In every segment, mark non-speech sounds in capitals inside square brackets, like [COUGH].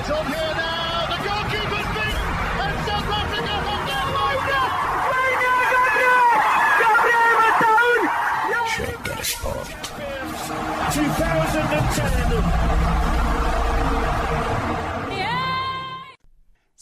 It's over here.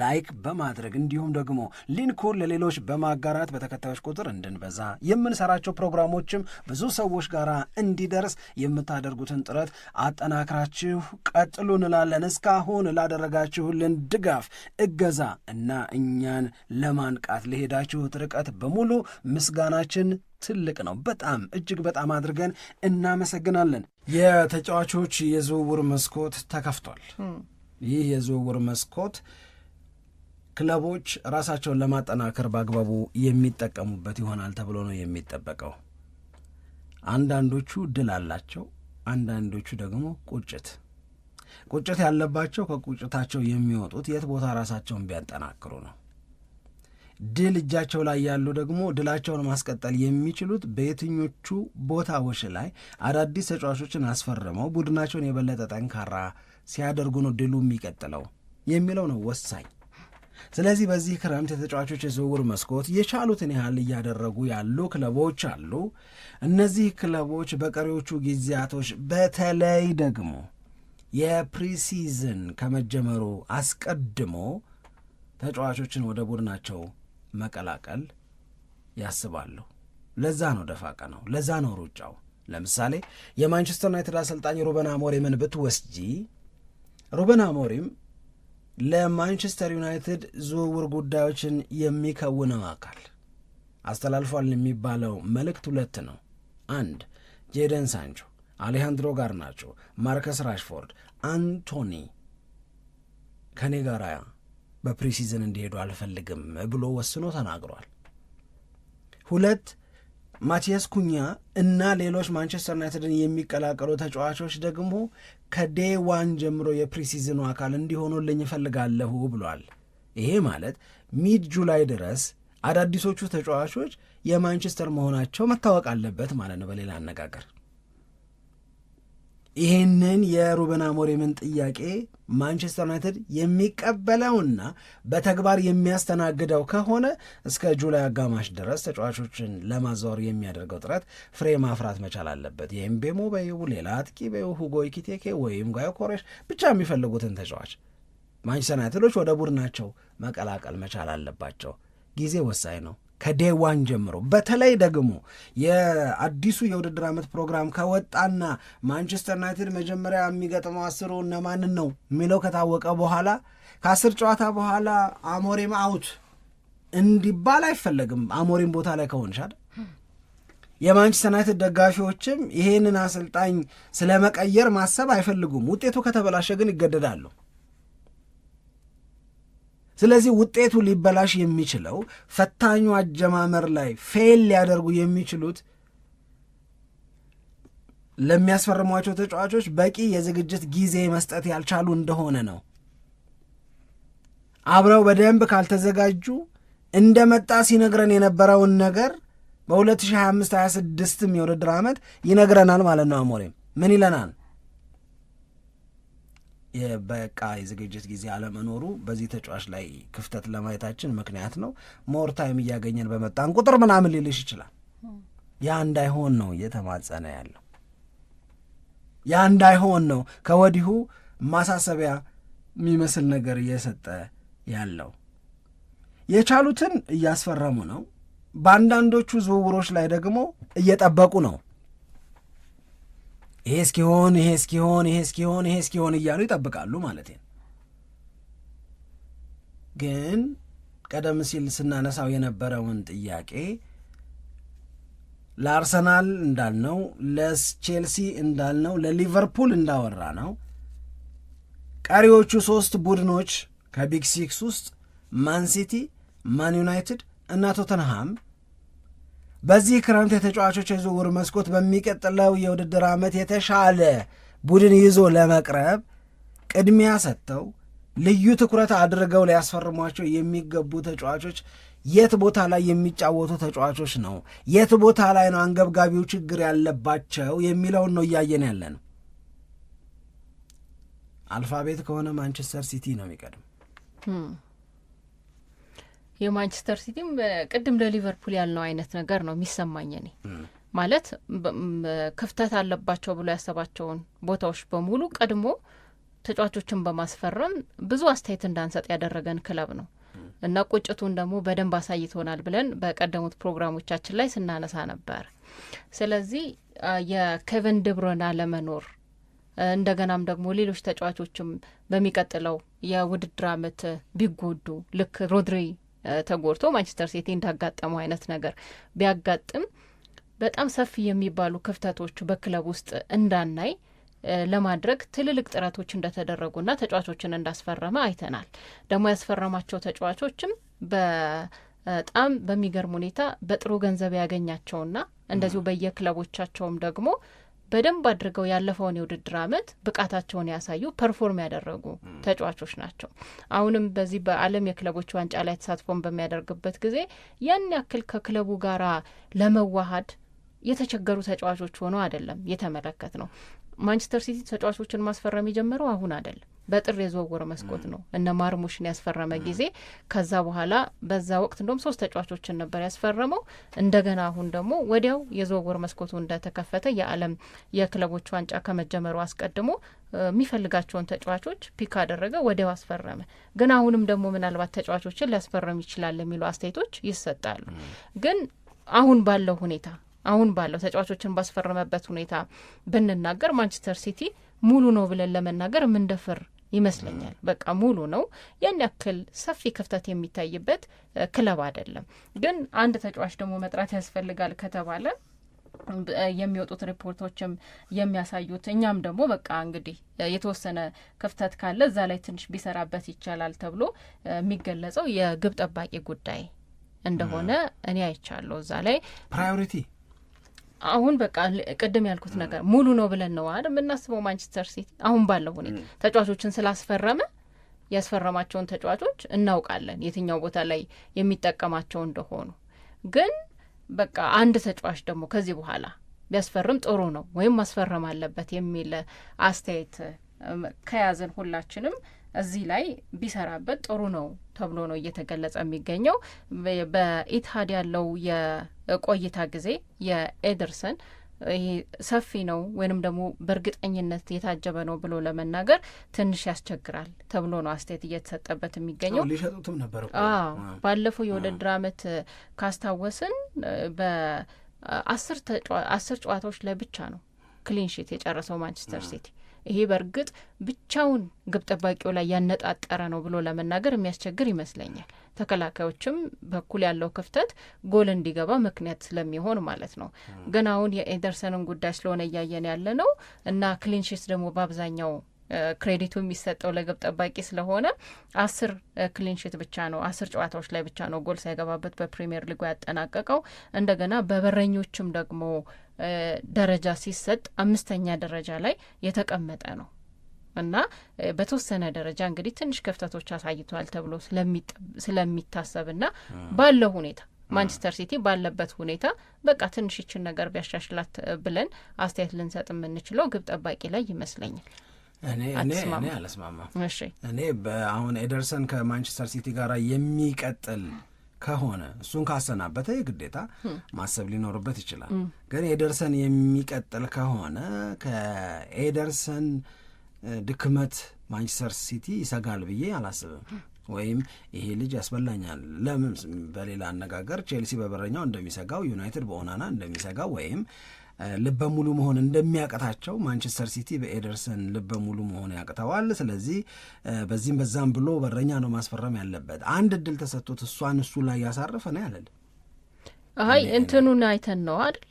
ላይክ በማድረግ እንዲሁም ደግሞ ሊንኩን ለሌሎች በማጋራት በተከታዮች ቁጥር እንድንበዛ የምንሰራቸው ፕሮግራሞችም ብዙ ሰዎች ጋር እንዲደርስ የምታደርጉትን ጥረት አጠናክራችሁ ቀጥሉ እንላለን። እስካሁን ላደረጋችሁልን ድጋፍ፣ እገዛ እና እኛን ለማንቃት ለሄዳችሁት ርቀት በሙሉ ምስጋናችን ትልቅ ነው። በጣም እጅግ በጣም አድርገን እናመሰግናለን። የተጫዋቾች የዝውውር መስኮት ተከፍቷል። ይህ የዝውውር መስኮት ክለቦች ራሳቸውን ለማጠናከር በአግባቡ የሚጠቀሙበት ይሆናል ተብሎ ነው የሚጠበቀው። አንዳንዶቹ ድል አላቸው፣ አንዳንዶቹ ደግሞ ቁጭት ቁጭት ያለባቸው ከቁጭታቸው የሚወጡት የት ቦታ ራሳቸውን ቢያጠናክሩ ነው። ድል እጃቸው ላይ ያሉ ደግሞ ድላቸውን ማስቀጠል የሚችሉት በየትኞቹ ቦታዎች ላይ አዳዲስ ተጫዋቾችን አስፈርመው ቡድናቸውን የበለጠ ጠንካራ ሲያደርጉ ነው ድሉ የሚቀጥለው የሚለው ነው ወሳኝ። ስለዚህ በዚህ ክረምት የተጫዋቾች የዝውውር መስኮት የቻሉትን ያህል እያደረጉ ያሉ ክለቦች አሉ። እነዚህ ክለቦች በቀሪዎቹ ጊዜያቶች በተለይ ደግሞ የፕሪሲዝን ከመጀመሩ አስቀድሞ ተጫዋቾችን ወደ ቡድናቸው መቀላቀል ያስባሉ። ለዛ ነው ደፋቀ ነው፣ ለዛ ነው ሩጫው። ለምሳሌ የማንቸስተር ዩናይትድ አሰልጣኝ ሩበን አሞሪምን ብትወስጂ ሩበን አሞሪም ለማንቸስተር ዩናይትድ ዝውውር ጉዳዮችን የሚከውነው አካል አስተላልፏል የሚባለው መልእክት ሁለት ነው። አንድ ጄደን ሳንቾ፣ አሌሃንድሮ ናቸው ማርከስ ራሽፎርድ፣ አንቶኒ ከኔ ጋር በፕሪሲዝን እንዲሄዱ አልፈልግም ብሎ ወስኖ ተናግሯል። ሁለት ማቲያስ ኩኛ እና ሌሎች ማንቸስተር ዩናይትድን የሚቀላቀሉ ተጫዋቾች ደግሞ ከዴይ ዋን ጀምሮ የፕሪሲዝኑ አካል እንዲሆኑልኝ እፈልጋለሁ ብሏል። ይሄ ማለት ሚድ ጁላይ ድረስ አዳዲሶቹ ተጫዋቾች የማንቸስተር መሆናቸው መታወቅ አለበት ማለት ነው። በሌላ አነጋገር ይሄንን የሩበን አሞሪምን ጥያቄ ማንቸስተር ዩናይትድ የሚቀበለውና በተግባር የሚያስተናግደው ከሆነ እስከ ጁላይ አጋማሽ ድረስ ተጫዋቾችን ለማዛወር የሚያደርገው ጥረት ፍሬ ማፍራት መቻል አለበት። የኤምቤሞ በይው ሌላ አጥቂ በይው ሁጎ ኢኪቴኬ ወይም ጋዮ ኮሬሽ ብቻ የሚፈልጉትን ተጫዋች ማንቸስተር ዩናይትዶች ወደ ቡድናቸው መቀላቀል መቻል አለባቸው። ጊዜ ወሳኝ ነው። ከዴዋን ጀምሮ በተለይ ደግሞ የአዲሱ የውድድር ዓመት ፕሮግራም ከወጣና ማንቸስተር ዩናይትድ መጀመሪያ የሚገጥመው አስሩ እነማንን ነው የሚለው ከታወቀ በኋላ ከአስር ጨዋታ በኋላ አሞሪም አውት እንዲባል አይፈለግም። አሞሪም ቦታ ላይ ከሆንሻል የማንቸስተር ዩናይትድ ደጋፊዎችም ይሄንን አሰልጣኝ ስለመቀየር ማሰብ አይፈልጉም። ውጤቱ ከተበላሸ ግን ይገደዳሉ። ስለዚህ ውጤቱ ሊበላሽ የሚችለው ፈታኙ አጀማመር ላይ ፌል ሊያደርጉ የሚችሉት ለሚያስፈርሟቸው ተጫዋቾች በቂ የዝግጅት ጊዜ መስጠት ያልቻሉ እንደሆነ ነው። አብረው በደንብ ካልተዘጋጁ እንደመጣ ሲነግረን የነበረውን ነገር በ2025/26 የውድድር ዓመት ይነግረናል ማለት ነው። አሞሬም ምን ይለናል? የበቃ የዝግጅት ጊዜ አለመኖሩ በዚህ ተጫዋች ላይ ክፍተት ለማየታችን ምክንያት ነው። ሞር ታይም እያገኘን በመጣን ቁጥር ምናምን ሊልሽ ይችላል። ያ እንዳይሆን ነው እየተማጸነ ያለው። ያ እንዳይሆን ነው ከወዲሁ ማሳሰቢያ የሚመስል ነገር እየሰጠ ያለው። የቻሉትን እያስፈረሙ ነው። በአንዳንዶቹ ዝውውሮች ላይ ደግሞ እየጠበቁ ነው ይሄ እስኪሆን ይሄ እስኪሆን ይሄ እስኪሆን ይሄ እስኪሆን እያሉ ይጠብቃሉ ማለት ነው። ግን ቀደም ሲል ስናነሳው የነበረውን ጥያቄ ለአርሰናል እንዳልነው፣ ለቼልሲ እንዳልነው፣ ለሊቨርፑል እንዳወራ ነው ቀሪዎቹ ሶስት ቡድኖች ከቢግ ሲክስ ውስጥ ማን ሲቲ፣ ማን ዩናይትድ እና ቶተንሃም በዚህ ክረምት የተጫዋቾች የዝውውር መስኮት በሚቀጥለው የውድድር ዓመት የተሻለ ቡድን ይዞ ለመቅረብ ቅድሚያ ሰጥተው ልዩ ትኩረት አድርገው ሊያስፈርሟቸው የሚገቡ ተጫዋቾች የት ቦታ ላይ የሚጫወቱ ተጫዋቾች ነው፣ የት ቦታ ላይ ነው አንገብጋቢው ችግር ያለባቸው የሚለውን ነው እያየን ያለ ነው። አልፋቤት ከሆነ ማንቸስተር ሲቲ ነው የሚቀድም hm የማንቸስተር ሲቲም ቅድም ለሊቨርፑል ያልነው አይነት ነገር ነው የሚሰማኝ እኔ ማለት ክፍተት አለባቸው ብሎ ያሰባቸውን ቦታዎች በሙሉ ቀድሞ ተጫዋቾችን በማስፈረም ብዙ አስተያየት እንዳንሰጥ ያደረገን ክለብ ነው እና ቁጭቱን ደግሞ በደንብ አሳይቶናል ብለን በቀደሙት ፕሮግራሞቻችን ላይ ስናነሳ ነበር። ስለዚህ የኬቨን ድብሮና ለመኖር እንደገናም ደግሞ ሌሎች ተጫዋቾችም በሚቀጥለው የውድድር አመት ቢጎዱ ልክ ሮድሪ ተጎድቶ ማንቸስተር ሲቲ እንዳጋጠመው አይነት ነገር ቢያጋጥም በጣም ሰፊ የሚባሉ ክፍተቶች በክለብ ውስጥ እንዳናይ ለማድረግ ትልልቅ ጥረቶች እንደተደረጉና ተጫዋቾችን እንዳስፈረመ አይተናል። ደግሞ ያስፈረማቸው ተጫዋቾችም በጣም በሚገርም ሁኔታ በጥሩ ገንዘብ ያገኛቸውና እንደዚሁ በየክለቦቻቸውም ደግሞ በደንብ አድርገው ያለፈውን የውድድር አመት ብቃታቸውን ያሳዩ ፐርፎርም ያደረጉ ተጫዋቾች ናቸው። አሁንም በዚህ በዓለም የክለቦች ዋንጫ ላይ ተሳትፎን በሚያደርግበት ጊዜ ያን ያክል ከክለቡ ጋር ለመዋሀድ የተቸገሩ ተጫዋቾች ሆነው አይደለም የተመለከት ነው። ማንቸስተር ሲቲ ተጫዋቾችን ማስፈረም የጀመረው አሁን አይደለም። በጥር የዝውውር መስኮት ነው እነ ማርሙሽን ያስፈረመ ጊዜ። ከዛ በኋላ በዛ ወቅት እንደም ሶስት ተጫዋቾችን ነበር ያስፈረመው። እንደገና አሁን ደግሞ ወዲያው የዝውውር መስኮቱ እንደተከፈተ የዓለም የክለቦች ዋንጫ ከመጀመሩ አስቀድሞ የሚፈልጋቸውን ተጫዋቾች ፒክ አደረገ፣ ወዲያው አስፈረመ። ግን አሁንም ደግሞ ምናልባት ተጫዋቾችን ሊያስፈረም ይችላል የሚሉ አስተያየቶች ይሰጣሉ። ግን አሁን ባለው ሁኔታ አሁን ባለው ተጫዋቾችን ባስፈረመበት ሁኔታ ብንናገር ማንቸስተር ሲቲ ሙሉ ነው ብለን ለመናገር የምንደፍር ይመስለኛል። በቃ ሙሉ ነው። ያን ያክል ሰፊ ክፍተት የሚታይበት ክለብ አይደለም። ግን አንድ ተጫዋች ደግሞ መጥራት ያስፈልጋል ከተባለ የሚወጡት ሪፖርቶችም የሚያሳዩት እኛም ደግሞ በቃ እንግዲህ የተወሰነ ክፍተት ካለ እዛ ላይ ትንሽ ቢሰራበት ይቻላል ተብሎ የሚገለጸው የግብ ጠባቂ ጉዳይ እንደሆነ እኔ አይቻለሁ። እዛ ላይ ፕራዮሪቲ አሁን በቃ ቅድም ያልኩት ነገር ሙሉ ነው ብለን ነው አይደል የምናስበው። ማንቸስተር ሲቲ አሁን ባለው ሁኔታ ተጫዋቾችን ስላስፈረመ ያስፈረማቸውን ተጫዋቾች እናውቃለን የትኛው ቦታ ላይ የሚጠቀማቸው እንደሆኑ። ግን በቃ አንድ ተጫዋች ደግሞ ከዚህ በኋላ ቢያስፈርም ጥሩ ነው ወይም ማስፈረም አለበት የሚል አስተያየት ከያዝን ሁላችንም እዚህ ላይ ቢሰራበት ጥሩ ነው ተብሎ ነው እየተገለጸ የሚገኘው። በኢትሀድ ያለው የቆይታ ጊዜ የኤደርሰን ይሄ ሰፊ ነው ወይንም ደግሞ በእርግጠኝነት የታጀበ ነው ብሎ ለመናገር ትንሽ ያስቸግራል ተብሎ ነው አስተያየት እየተሰጠበት የሚገኘው። ሊሸጡትም ነበር። ባለፈው የውድድር አመት ካስታወስን በአስር ጨዋታዎች ላይ ብቻ ነው ክሊንሺት የጨረሰው ማንቸስተር ሲቲ ይሄ በእርግጥ ብቻውን ግብ ጠባቂው ላይ ያነጣጠረ ነው ብሎ ለመናገር የሚያስቸግር ይመስለኛል። ተከላካዮችም በኩል ያለው ክፍተት ጎል እንዲገባ ምክንያት ስለሚሆን ማለት ነው። ግን አሁን የኤደርሰንን ጉዳይ ስለሆነ እያየን ያለ ነው እና ክሊንሺት ደግሞ በአብዛኛው ክሬዲቱ የሚሰጠው ለግብ ጠባቂ ስለሆነ አስር ክሊንሽት ብቻ ነው አስር ጨዋታዎች ላይ ብቻ ነው ጎል ሳይገባበት በፕሪምየር ሊጉ ያጠናቀቀው። እንደገና በበረኞችም ደግሞ ደረጃ ሲሰጥ አምስተኛ ደረጃ ላይ የተቀመጠ ነው እና በተወሰነ ደረጃ እንግዲህ ትንሽ ክፍተቶች አሳይቷል ተብሎ ስለሚታሰብና ባለው ሁኔታ ማንቸስተር ሲቲ ባለበት ሁኔታ በቃ ትንሽ ይችን ነገር ቢያሻሽላት ብለን አስተያየት ልንሰጥ የምንችለው ግብ ጠባቂ ላይ ይመስለኛል። እኔ አለስማማ እኔ በአሁን ኤደርሰን ከማንቸስተር ሲቲ ጋር የሚቀጥል ከሆነ እሱን ካሰናበተ የግዴታ ማሰብ ሊኖርበት ይችላል። ግን ኤደርሰን የሚቀጥል ከሆነ ከኤደርሰን ድክመት ማንቸስተር ሲቲ ይሰጋል ብዬ አላስብም። ወይም ይሄ ልጅ ያስበላኛል። ለምን በሌላ አነጋገር ቼልሲ በበረኛው እንደሚሰጋው፣ ዩናይትድ በኦናና እንደሚሰጋው ወይም ልበ ሙሉ መሆን እንደሚያቅታቸው ማንቸስተር ሲቲ በኤደርሰን ልበ ሙሉ መሆን ያቅተዋል። ስለዚህ በዚህም በዛም ብሎ በረኛ ነው ማስፈረም ያለበት። አንድ እድል ተሰጥቶት እሷን እሱ ላይ ያሳረፈ ነው ያለል። አይ እንትኑን አይተን ነው አይደል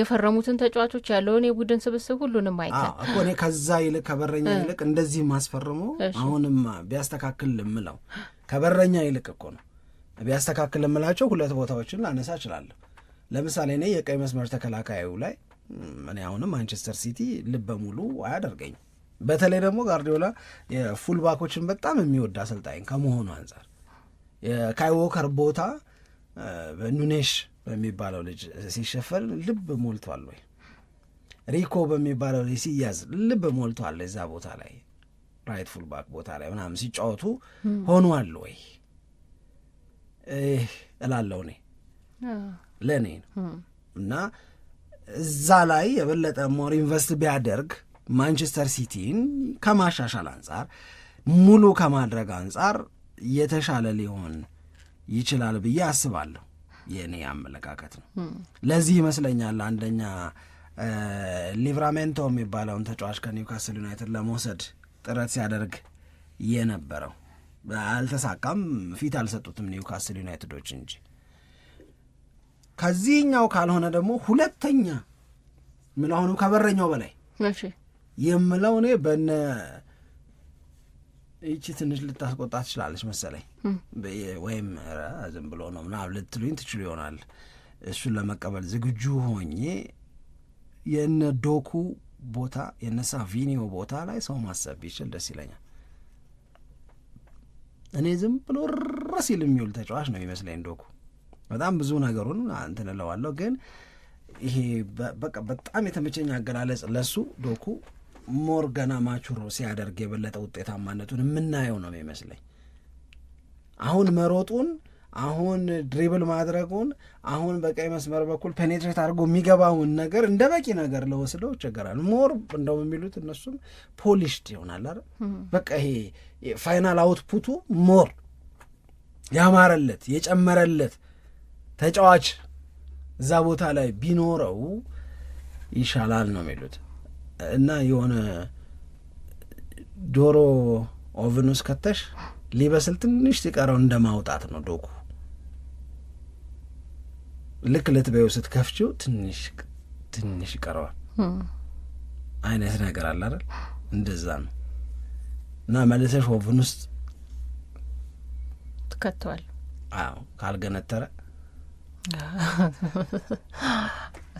የፈረሙትን ተጫዋቾች ያለውን የቡድን ስብስብ ሁሉንም አይተን እኮ እኔ ከዛ ይልቅ ከበረኛ ይልቅ እንደዚህ ማስፈርሞ አሁንም ቢያስተካክል ልምለው ከበረኛ ይልቅ እኮ ነው ቢያስተካክል ልምላቸው ሁለት ቦታዎችን ላነሳ እችላለሁ ለምሳሌ እኔ የቀይ መስመር ተከላካዩ ላይ እኔ አሁንም ማንቸስተር ሲቲ ልበ ሙሉ አያደርገኝ። በተለይ ደግሞ ጋርዲዮላ የፉልባኮችን በጣም የሚወድ አሰልጣኝ ከመሆኑ አንጻር የካይዎከር ቦታ በኑኔሽ በሚባለው ልጅ ሲሸፈን ልብ ሞልቷል ወይ ሪኮ በሚባለው ልጅ ሲያዝ ልብ ሞልቷል። እዛ ቦታ ላይ ራይት ፉልባክ ቦታ ላይ ምናምን ሲጫወቱ ሆኗል ወይ እላለው እኔ ለእኔ ነው እና እዛ ላይ የበለጠ ሞር ኢንቨስት ቢያደርግ ማንቸስተር ሲቲን ከማሻሻል አንጻር ሙሉ ከማድረግ አንጻር የተሻለ ሊሆን ይችላል ብዬ አስባለሁ። የእኔ አመለካከት ነው። ለዚህ ይመስለኛል አንደኛ ሊቭራሜንቶ የሚባለውን ተጫዋች ከኒውካስል ዩናይትድ ለመውሰድ ጥረት ሲያደርግ የነበረው አልተሳካም። ፊት አልሰጡትም ኒውካስል ዩናይትዶች እንጂ ከዚህኛው ካልሆነ ደግሞ ሁለተኛ ምን አሁኑ ከበረኛው በላይ የምለው እኔ በነ ይቺ ትንሽ ልታስቆጣ ትችላለች መሰለኝ፣ ወይም ዝም ብሎ ነው ምናምን ልትሉኝ ትችሉ ይሆናል። እሱን ለመቀበል ዝግጁ ሆኜ የነ ዶኩ ቦታ የነ ሳቪኒዮ ቦታ ላይ ሰው ማሰብ ይችል ደስ ይለኛል። እኔ ዝም ብሎ ረስ ሲል የሚውል ተጫዋች ነው ይመስለኝ ዶኩ በጣም ብዙ ነገሩን እንትን እለዋለሁ ግን ይሄ በቃ በጣም የተመቸኝ አገላለጽ ለሱ ዶኩ ሞር ገና ማቹሮ ሲያደርግ የበለጠ ውጤታማነቱን የምናየው ነው የሚመስለኝ። አሁን መሮጡን፣ አሁን ድሪብል ማድረጉን፣ አሁን በቀይ መስመር በኩል ፔኔትሬት አድርጎ የሚገባውን ነገር እንደ በቂ ነገር ለወስደው ይቸገራል። ሞር እንደው የሚሉት እነሱም ፖሊሽድ ይሆናል አይደል? በቃ ይሄ ፋይናል አውትፑቱ ሞር ያማረለት የጨመረለት ተጫዋች እዛ ቦታ ላይ ቢኖረው ይሻላል ነው የሚሉት እና የሆነ ዶሮ ኦቨን ውስጥ ከተሽ ሊበስል ትንሽ ሲቀረው እንደ ማውጣት ነው ዶኩ ልክ ልትበይው ስትከፍቺው ትንሽ ትንሽ ይቀረዋል አይነት ነገር አለ አይደል? እንደዛ ነው እና መልሰሽ ኦቨን ውስጥ ትከተዋል። አዎ ካልገነተረ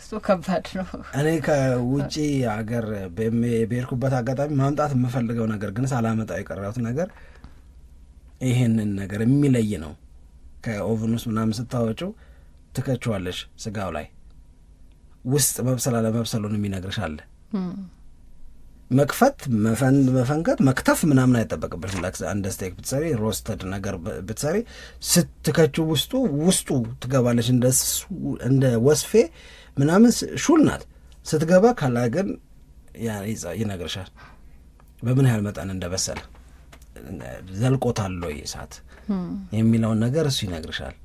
እሱ ከባድ ነው። እኔ ከውጭ ሀገር በሄድኩበት አጋጣሚ ማምጣት የምፈልገው ነገር ግን ሳላመጣው የቀረሁት ነገር ይህንን ነገር የሚለይ ነው። ከኦቨን ውስጥ ምናምን ስታወጪው ትከችዋለሽ ስጋው ላይ ውስጥ መብሰል አለመብሰሉን የሚነግርሽ አለ። መክፈት መፈንከት መክተፍ ምናምን አይጠበቅበትም። ላክ አንድ ስቴክ ብትሰሪ ሮስተድ ነገር ብትሰሪ ስትከች ውስጡ ውስጡ ትገባለች። እንደ ወስፌ ምናምን ሹል ናት። ስትገባ ካላ ግን ይነግርሻል በምን ያህል መጠን እንደበሰለ ዘልቆታል ወይ እሳት የሚለውን ነገር እሱ ይነግርሻል።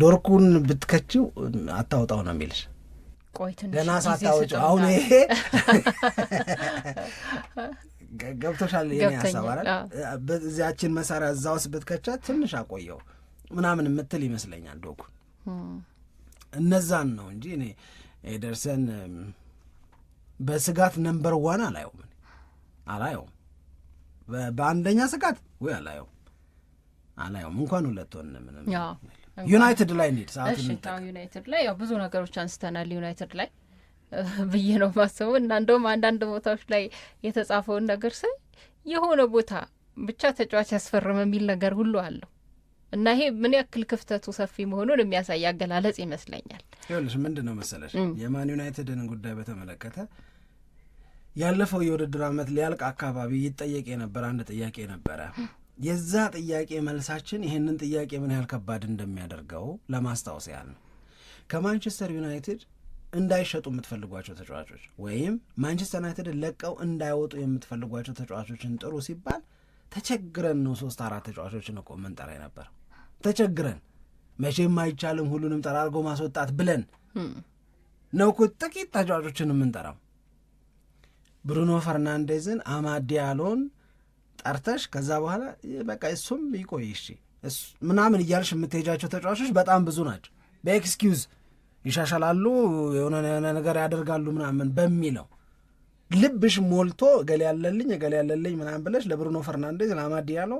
ዶርኩን ብትከችው አታውጣው ነው የሚልሽ ቆይትን ገና ሳታወጭ አሁን ይሄ [LAUGHS] ገብቶሻል። ይ ሀሳብ እዚያችን መሳሪያ እዛ ውስጥ ብትከቻ ትንሽ አቆየው ምናምን የምትል ይመስለኛል። ዶኩ እነዛን ነው እንጂ እኔ ኤደርሰን በስጋት ነምበር ዋን አላየውም አላየውም በአንደኛ ስጋት ወይ አላየውም አላየውም እንኳን ሁለት ሆን ምንም ዩናይትድ ላይ እንሂድ። ዩናይትድ ላይ ያው ብዙ ነገሮች አንስተናል። ዩናይትድ ላይ [LAUGHS] ብዬ ነው ማስበው እና እንደውም አንዳንድ ቦታዎች ላይ የተጻፈውን ነገር ሳይ የሆነ ቦታ ብቻ ተጫዋች ያስፈርም የሚል ነገር ሁሉ አለው እና ይሄ ምን ያክል ክፍተቱ ሰፊ መሆኑን የሚያሳይ አገላለጽ ይመስለኛል። ይኸውልሽ ምንድን ነው መሰለሽ የማን ዩናይትድን ጉዳይ በተመለከተ ያለፈው የውድድር ዓመት ሊያልቅ አካባቢ ይጠየቅ የነበረ አንድ ጥያቄ ነበረ የዛ ጥያቄ መልሳችን ይህንን ጥያቄ ምን ያህል ከባድ እንደሚያደርገው ለማስታወስ ያህል ነው። ከማንቸስተር ዩናይትድ እንዳይሸጡ የምትፈልጓቸው ተጫዋቾች ወይም ማንቸስተር ዩናይትድ ለቀው እንዳይወጡ የምትፈልጓቸው ተጫዋቾችን ጥሩ ሲባል ተቸግረን ነው ሶስት አራት ተጫዋቾችን እኮ የምንጠራ ነበር። ተቸግረን መቼም አይቻልም ሁሉንም ጠራርጎ ማስወጣት ብለን hmm. ነው እኮ ጥቂት ተጫዋቾችን የምንጠራው ብሩኖ ፈርናንዴዝን፣ አማድ ጠርተሽ ከዛ በኋላ በቃ እሱም ይቆይ እሺ ምናምን እያልሽ የምትሄጃቸው ተጫዋቾች በጣም ብዙ ናቸው። በኤክስኪውዝ ይሻሻላሉ፣ የሆነ ነገር ያደርጋሉ ምናምን በሚለው ልብሽ ሞልቶ እገሌ ያለልኝ እገሌ ያለልኝ ምናምን ብለሽ ለብሩኖ ፈርናንዴዝ ለአማድ ዲያሎ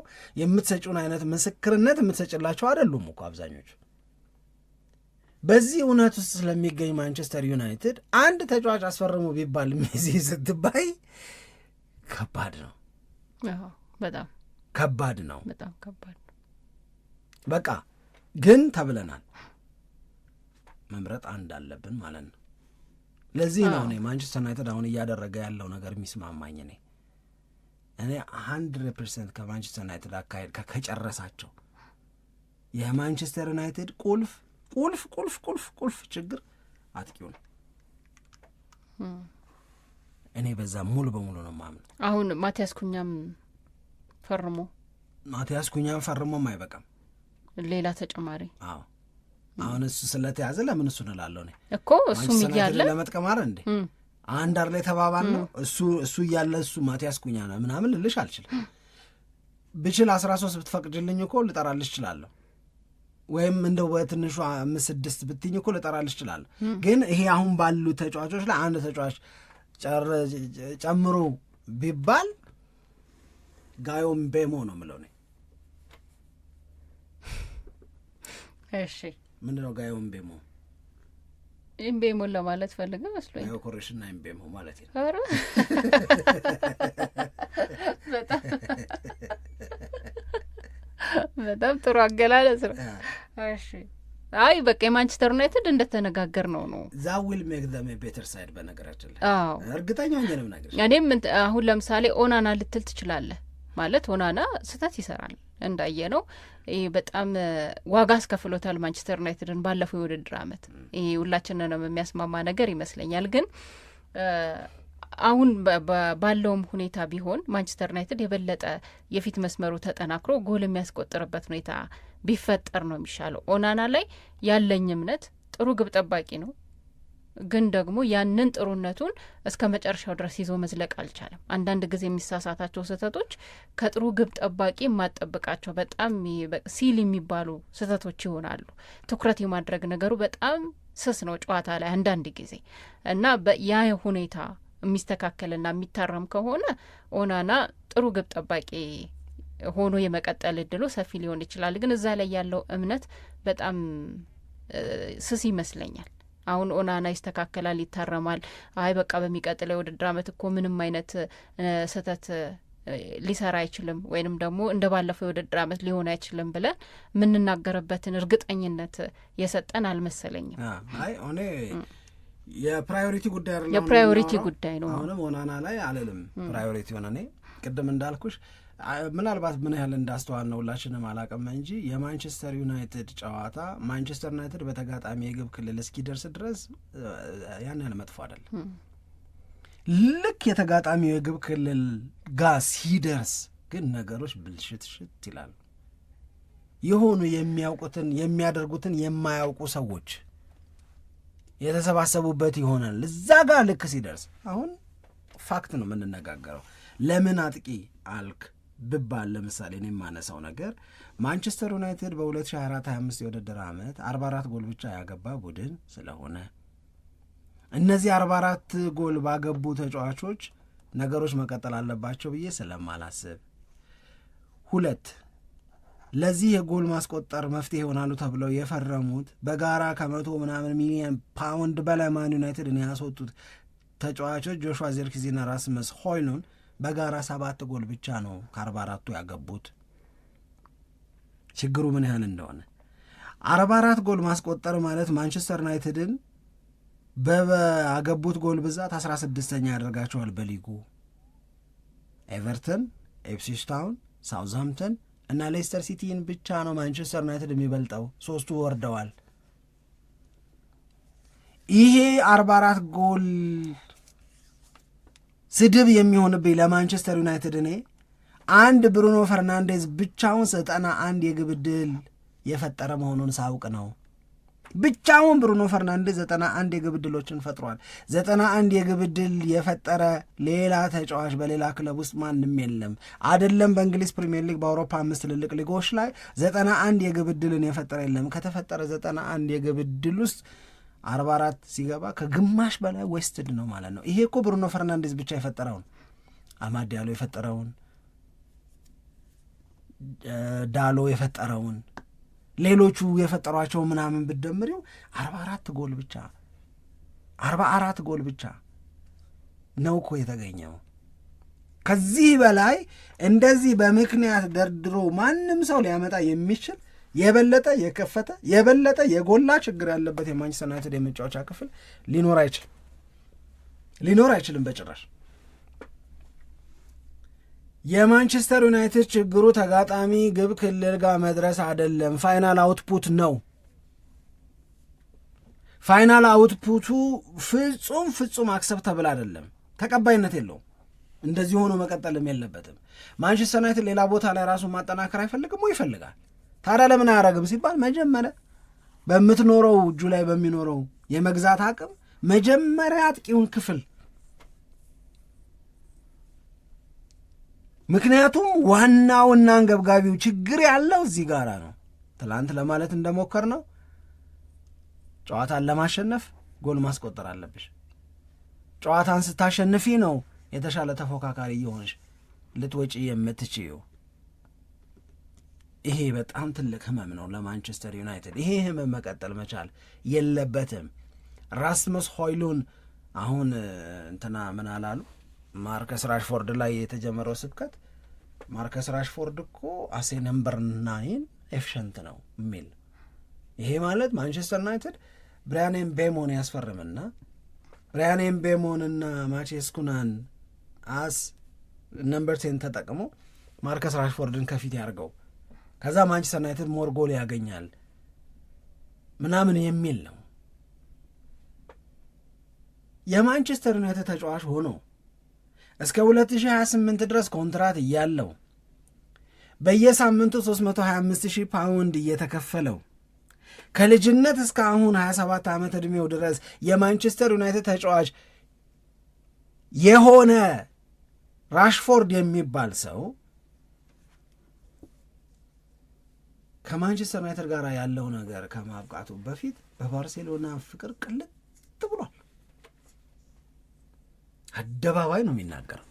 የምትሰጪውን አይነት ምስክርነት የምትሰጭላቸው አይደሉም እኮ አብዛኞቹ። በዚህ እውነት ውስጥ ስለሚገኝ ማንቸስተር ዩናይትድ አንድ ተጫዋች አስፈርሙ ቢባል ሚዚ ስትባይ ከባድ ነው። በጣም ከባድ ነው። በጣም ከባድ ነው። በቃ ግን ተብለናል። መምረጥ አንድ አለብን ማለት ነው። ለዚህ ነው እኔ ማንቸስተር ዩናይትድ አሁን እያደረገ ያለው ነገር የሚስማማኝ እኔ እኔ ሀንድሬድ ፐርሰንት ከማንቸስተር ዩናይትድ አካሄድ ከጨረሳቸው የማንቸስተር ዩናይትድ ቁልፍ ቁልፍ ቁልፍ ቁልፍ ቁልፍ ችግር አጥቂው ነው። እኔ በዛ ሙሉ በሙሉ ነው ማምን። አሁን ማቲያስ ኩኛም ፈርሞ ማቲያስ ኩኛም ፈርሞም አይበቃም፣ ሌላ ተጨማሪ። አዎ አሁን እሱ ስለተያዘ ለምን እሱን እላለሁ እኔ እኮ እሱም እያለ ለመጥቀማር እንዴ አንድ አር ላይ ተባባል ነው እሱ እሱ እያለ እሱ ማቲያስ ኩኛ ነው ምናምን ልልሽ አልችልም። ብችል አስራ ሶስት ብትፈቅድልኝ እኮ ልጠራልሽ እችላለሁ ወይም እንደው በትንሹ አምስት ስድስት ብትኝ እኮ ልጠራልሽ እችላለሁ። ግን ይሄ አሁን ባሉ ተጫዋቾች ላይ አንድ ተጫዋች ጨምሩ ቢባል ጋዮም ቤሞ ነው የምለው። እሺ ምንድን ነው ጋዮም ቤሞ? ኢምቤሞን ለማለት ፈልገ መስሎኝ ኮሬሽንና ኢምቤሞ ማለት ነው። በጣም ጥሩ አገላለጽ ነው። እሺ አይ በቃ የማንቸስተር ዩናይትድ እንደተነጋገር ነው ነው ሜክ ዘም ቤተር ሳይድ በነገራችን ላይ እርግጠኛ ሆኜ ነው ነገር እኔም አሁን ለምሳሌ ኦናና ልትል ትችላለህ። ማለት ኦናና ስህተት ይሰራል እንዳየ ነው። ይህ በጣም ዋጋ አስከፍሎታል ማንቸስተር ዩናይትድን ባለፈው የውድድር አመት። ይህ ሁላችንንም የሚያስማማ ነገር ይመስለኛል። ግን አሁን ባለውም ሁኔታ ቢሆን ማንቸስተር ዩናይትድ የበለጠ የፊት መስመሩ ተጠናክሮ ጎል የሚያስቆጥርበት ሁኔታ ቢፈጠር ነው የሚሻለው። ኦናና ላይ ያለኝ እምነት ጥሩ ግብ ጠባቂ ነው፣ ግን ደግሞ ያንን ጥሩነቱን እስከ መጨረሻው ድረስ ይዞ መዝለቅ አልቻለም። አንዳንድ ጊዜ የሚሳሳታቸው ስህተቶች ከጥሩ ግብ ጠባቂ የማጠብቃቸው በጣም ሲል የሚባሉ ስህተቶች ይሆናሉ። ትኩረት የማድረግ ነገሩ በጣም ስስ ነው ጨዋታ ላይ አንዳንድ ጊዜ እና ያ ሁኔታ የሚስተካከልና የሚታረም ከሆነ ኦናና ጥሩ ግብ ጠባቂ ሆኖ የመቀጠል እድሉ ሰፊ ሊሆን ይችላል። ግን እዛ ላይ ያለው እምነት በጣም ስስ ይመስለኛል። አሁን ኦናና ይስተካከላል፣ ይታረማል። አይ በቃ በሚቀጥለው የውድድር አመት እኮ ምንም አይነት ስህተት ሊሰራ አይችልም ወይንም ደግሞ እንደ ባለፈው የውድድር አመት ሊሆን አይችልም ብለን የምንናገርበትን እርግጠኝነት የሰጠን አልመሰለኝም። አይ ሆኔ የፕራዮሪቲ ጉዳይ የፕራዮሪቲ ጉዳይ ነው። አሁንም ኦናና ላይ አልልም ፕራዮሪቲ ሆነ እኔ ቅድም እንዳልኩሽ ምናልባት ምን ያህል እንዳስተዋል ነው ሁላችንም አላቅም እንጂ የማንቸስተር ዩናይትድ ጨዋታ ማንቸስተር ዩናይትድ በተጋጣሚ የግብ ክልል እስኪደርስ ድረስ ያን ያህል መጥፎ አይደለም። ልክ የተጋጣሚው የግብ ክልል ጋር ሲደርስ ግን ነገሮች ብልሽትሽት ይላሉ። የሆኑ የሚያውቁትን የሚያደርጉትን የማያውቁ ሰዎች የተሰባሰቡበት ይሆናል እዛ ጋር ልክ ሲደርስ። አሁን ፋክት ነው የምንነጋገረው። ለምን አጥቂ አልክ ብባል ለምሳሌ እኔ የማነሳው ነገር ማንቸስተር ዩናይትድ በ2024/25 የውድድር ዓመት 44 ጎል ብቻ ያገባ ቡድን ስለሆነ እነዚህ 44 ጎል ባገቡ ተጫዋቾች ነገሮች መቀጠል አለባቸው ብዬ ስለማላስብ፣ ሁለት ለዚህ የጎል ማስቆጠር መፍትሄ ይሆናሉ ተብለው የፈረሙት በጋራ ከመቶ ምናምን ሚሊየን ፓውንድ በላይ ማን ዩናይትድ ያስወጡት ተጫዋቾች ጆሹዋ ዚርክዚና ራስመስ ሆይሉንድ በጋራ ሰባት ጎል ብቻ ነው ከአርባ አራቱ ያገቡት። ችግሩ ምን ያህል እንደሆነ አርባ አራት ጎል ማስቆጠር ማለት ማንቸስተር ዩናይትድን በአገቡት ጎል ብዛት አስራ ስድስተኛ ያደርጋቸዋል በሊጉ ኤቨርተን፣ ኤፕሲች ታውን፣ ሳውዝሃምፕተን እና ሌስተር ሲቲን ብቻ ነው ማንቸስተር ዩናይትድ የሚበልጠው። ሶስቱ ወርደዋል። ይሄ አርባ አራት ጎል ስድብ የሚሆንብኝ ለማንቸስተር ዩናይትድ እኔ አንድ ብሩኖ ፈርናንዴዝ ብቻውን ዘጠና አንድ የግብ ድል የፈጠረ መሆኑን ሳውቅ ነው። ብቻውን ብሩኖ ፈርናንዴዝ ዘጠና አንድ የግብ ድሎችን ፈጥሯል። ዘጠና አንድ የግብ ድል የፈጠረ ሌላ ተጫዋች በሌላ ክለብ ውስጥ ማንም የለም። አደለም በእንግሊዝ ፕሪምየር ሊግ፣ በአውሮፓ አምስት ትልልቅ ሊጎች ላይ ዘጠና አንድ የግብ ድልን የፈጠረ የለም። ከተፈጠረ ዘጠና አንድ የግብ ድል ውስጥ አርባ አራት ሲገባ ከግማሽ በላይ ዌስትድ ነው ማለት ነው። ይሄ እኮ ብሩኖ ፈርናንዴዝ ብቻ የፈጠረውን አማድ ያለው የፈጠረውን ዳሎ የፈጠረውን ሌሎቹ የፈጠሯቸው ምናምን ብትደምሪው አርባ አራት ጎል ብቻ አርባ አራት ጎል ብቻ ነው እኮ የተገኘው። ከዚህ በላይ እንደዚህ በምክንያት ደርድሮ ማንም ሰው ሊያመጣ የሚችል የበለጠ የከፈተ የበለጠ የጎላ ችግር ያለበት የማንቸስተር ዩናይትድ የመጫወቻ ክፍል ሊኖር አይችልም ሊኖር አይችልም በጭራሽ። የማንቸስተር ዩናይትድ ችግሩ ተጋጣሚ ግብ ክልል ጋር መድረስ አይደለም፣ ፋይናል አውትፑት ነው። ፋይናል አውትፑቱ ፍጹም ፍጹም ተብል አይደለም፣ ተቀባይነት የለውም። እንደዚህ ሆኖ መቀጠልም የለበትም። ማንቸስተር ዩናይትድ ሌላ ቦታ ላይ ራሱን ማጠናከር አይፈልግም ወይ ይፈልጋል? ታዲያ ለምን አያረግም ሲባል መጀመሪያ በምትኖረው እጁ ላይ በሚኖረው የመግዛት አቅም መጀመሪያ አጥቂውን ክፍል ምክንያቱም ዋናውና አንገብጋቢው ችግር ያለው እዚህ ጋር ነው። ትላንት ለማለት እንደሞከር ነው ጨዋታን ለማሸነፍ ጎል ማስቆጠር አለብሽ። ጨዋታን ስታሸንፊ ነው የተሻለ ተፎካካሪ እየሆንሽ ልትወጪ የምትችይው። ይሄ በጣም ትልቅ ህመም ነው ለማንቸስተር ዩናይትድ። ይሄ ህመም መቀጠል መቻል የለበትም። ራስመስ ሆይሉን አሁን እንትና ምን አላሉ ማርከስ ራሽፎርድ ላይ የተጀመረው ስብከት ማርከስ ራሽፎርድ እኮ አሴ ነምበር ናይን ኤፍሸንት ነው የሚል ይሄ ማለት ማንቸስተር ዩናይትድ ብሪያን ኤምቤሞን ያስፈርምና ብሪያን ኤምቤሞንና ማቼስ ኩናን አስ ነምበር ቴን ተጠቅሞ ማርከስ ራሽፎርድን ከፊት ያርገው ከዛ ማንቸስተር ዩናይትድ ሞር ጎል ያገኛል ምናምን የሚል ነው። የማንቸስተር ዩናይትድ ተጫዋች ሆኖ እስከ 2028 ድረስ ኮንትራት እያለው በየሳምንቱ 325000 ፓውንድ እየተከፈለው ከልጅነት እስከ አሁን 27 ዓመት ዕድሜው ድረስ የማንቸስተር ዩናይትድ ተጫዋች የሆነ ራሽፎርድ የሚባል ሰው ከማንቸስተር ዩናይትድ ጋር ያለው ነገር ከማብቃቱ በፊት በባርሴሎና ፍቅር ቅልጥ ብሏል። አደባባይ ነው የሚናገረው።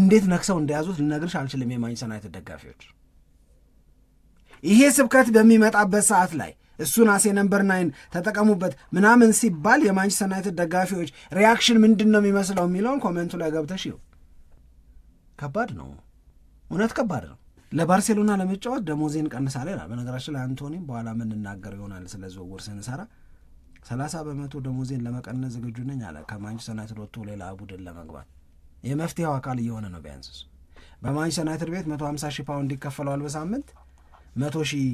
እንዴት ነክሰው እንደያዙት ልነግርሽ አልችልም። የማንቸስተር ዩናይትድ ደጋፊዎች ይሄ ስብከት በሚመጣበት ሰዓት ላይ እሱን አሴ ነምበር ናይን ተጠቀሙበት ምናምን ሲባል የማንቸስተር ዩናይትድ ደጋፊዎች ሪያክሽን ምንድን ነው የሚመስለው የሚለውን ኮሜንቱ ላይ ገብተሽ ይኸው ከባድ ነው። እውነት ከባድ ነው። ለባርሴሎና ለመጫወት ደሞዜን ቀንሳለሁ ይላል። በነገራችን ላይ አንቶኒ በኋላ የምንናገር ይሆናል ስለ ዝውውር ስንሰራ ሰላሳ በመቶ ደሞዜን ለመቀነስ ዝግጁ ነኝ አለ። ከማንቸስተር ዩናይትድ ወጥቶ ሌላ ቡድን ለመግባት የመፍትሄው አካል እየሆነ ነው። ቢያንስ እሱ በማንቸስተር ዩናይትድ ቤት መቶ ሀምሳ ሺህ ፓውንድ ይከፈለዋል በሳምንት መቶ ሺህ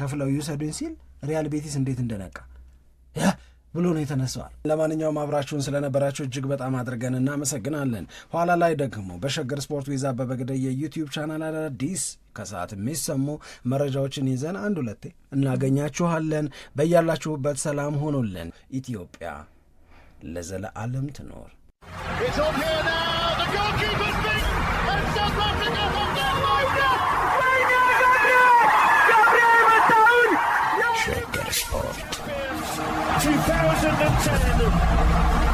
ከፍለው ይውሰዱኝ ሲል ሪያል ቤቲስ እንዴት እንደነቃ ብሎ ነው የተነሳዋል። ለማንኛውም አብራችሁን ስለነበራችሁ እጅግ በጣም አድርገን እናመሰግናለን። ኋላ ላይ ደግሞ በሸገር ስፖርት ዊዛ በበግደ የዩቲዩብ ቻናል አዳዲስ ከሰዓት የሚሰሙ መረጃዎችን ይዘን አንድ ሁለቴ እናገኛችኋለን። በያላችሁበት ሰላም ሆኖልን ኢትዮጵያ ለዘለዓለም ትኖር። 2010.